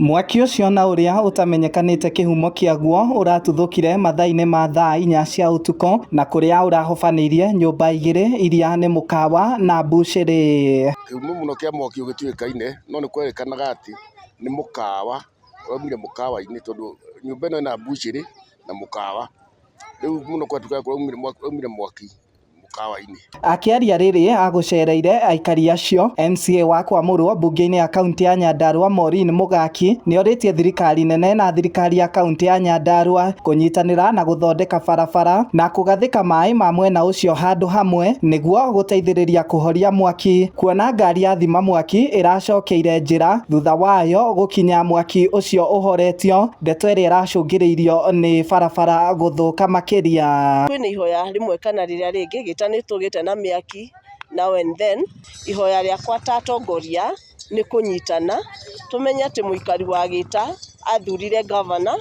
Mwaki ucio na uria utamenyekanite kihumo kĩaguo ũratũthũkire mathaa-inĩ ma thaa inya cia utuko na kuria ũrahobanĩirie nyumba igĩrĩ iria nĩ mukawa na mbucĩrĩ. kihumo muno kia mwaki kaine no nĩkwerĩkanaga atĩ ni mukawa waumire mukawa inĩ tondu nyumba ino ĩna mbucĩrĩ na mũkawa, rĩu mũno kwendekanaga kwaumire mwaki mũkawa-inĩ akĩaria rĩrĩ agũcereire aikari acio MCA wa Kwamũrwo mbunge-inĩ ya kaunti ya Nyandarua Maureen Mugaki nĩorĩtie thirikari nene na thirikari ya kaunti ya Nyandarua kũnyitanĩra na gũthondeka barabara na kũgathĩka maĩ ma mwena ũcio handũ hamwe nĩguo gũteithĩrĩria kũhoria mwaki kuona ngari ya thima mwaki ĩracokeire njĩra thutha wayo gũkinya mwaki ũcio ũhoretio ndeto ĩrĩa ĩracũngĩrĩirio nĩ barabara gũthũka makĩria kwĩna ihoya rĩmwe kana rĩrĩa rĩngĩ nĩ tũgĩte na mĩaki now and then ihoya rĩakwa ta atongoria nĩ kũnyitana tũmenye atĩ mũikari wa Gita athurire ngavana,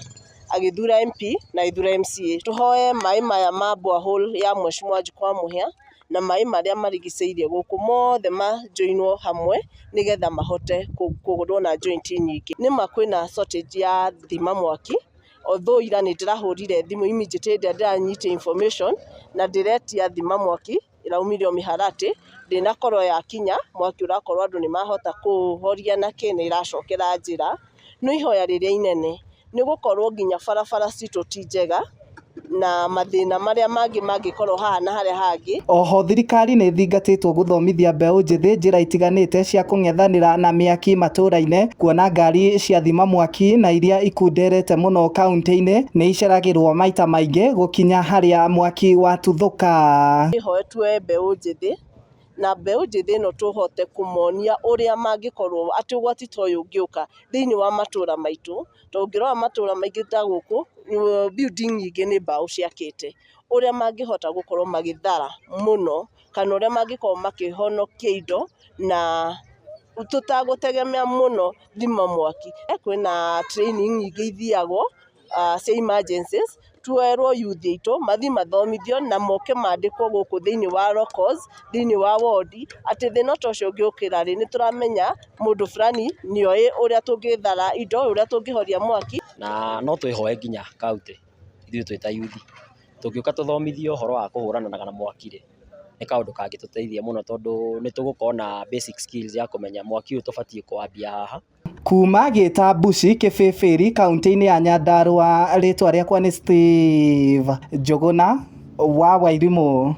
agĩthuura MP na agĩthuura MCA. Tũhoe maĩ maya ma borehole ya Mheshimiwa kwa Mũhia na maĩ marĩa marigicĩirie gũkũ mothe manjoinwo hamwe nĩgetha mahote kũgũrwo na joint nyingĩ. Nĩma kwĩna shortage ya thima mwaki although ira nä ndä thimu thimå imi njä tä ndä ndä information na ndä retia thima mwaki ĩraumirio mĩharatĩ ya yakinya mwaki ũrakorwo andũ ni mahota horia na kĩ nĩ ĩracokera njĩra no ihoya riria inene ni gukorwo nginya barabara citũ ti njega na mathina maria mangi mangikorwo haha na haria hangi oho thirikari nä thingatitwo guthomithia mbeå njithä njä itiganite cia kung'ethanira na miaki matũra-inĩ kuona ngari cia thima mwaki na iria ikunderete muno kaunti-inĩ ni iceragĩrwo maita maingĩ gukinya haria mwaki watuthuka ihoetwe mbeũ njĩthĩ na mbeũ njĩthĩ ĩno tũhote kũmonia ũrĩa mangĩkorwo ati ũgwati ta ũyũ ũngĩũka thĩinĩ wa matura maitũ, ta ũngĩrora matũra maingĩ ta gũkũ, building nyingĩ nĩ hota ciakĩte, ũrĩa mangĩhota gũkorwo magĩthara mũno, kana ũrĩa mangĩkorwo makĩhonokia indo na tũtagũtegemea mũno thima mwaki, kwĩna training nyingĩ ithiagwo ah, cia emergencies. tuoerwo yuthi aitũ mathiĩ mathomithio na moke mandĩkwo gũkũ thĩiniĩ wa locals thĩiniĩ wa wodi atĩ thĩna ta ũcio ũngĩũkĩra rĩ nĩ tũramenya mũndũ fulani nĩ oĩ ũrĩa tũngĩthara indo ũrĩa tũngĩhoria mwaki na no twĩhoe nginya kauntĩ ithuĩ twĩ ta yuthi tũngĩũka tũthomithio ũhoro wa kũhũrana na mwaki rĩ nĩ kaũndũ kangĩtũteithia mũno tondũ nĩ tũgũkorwo na basic skills ya kũmenya mwaki ũyũ tũbatiĩ kũwambia haha. kuma gita Mbuci kefeferi kaunti-inĩ ya Nyandarua rĩtwa rĩakwa ni Steve Njũgũna wa Wairimu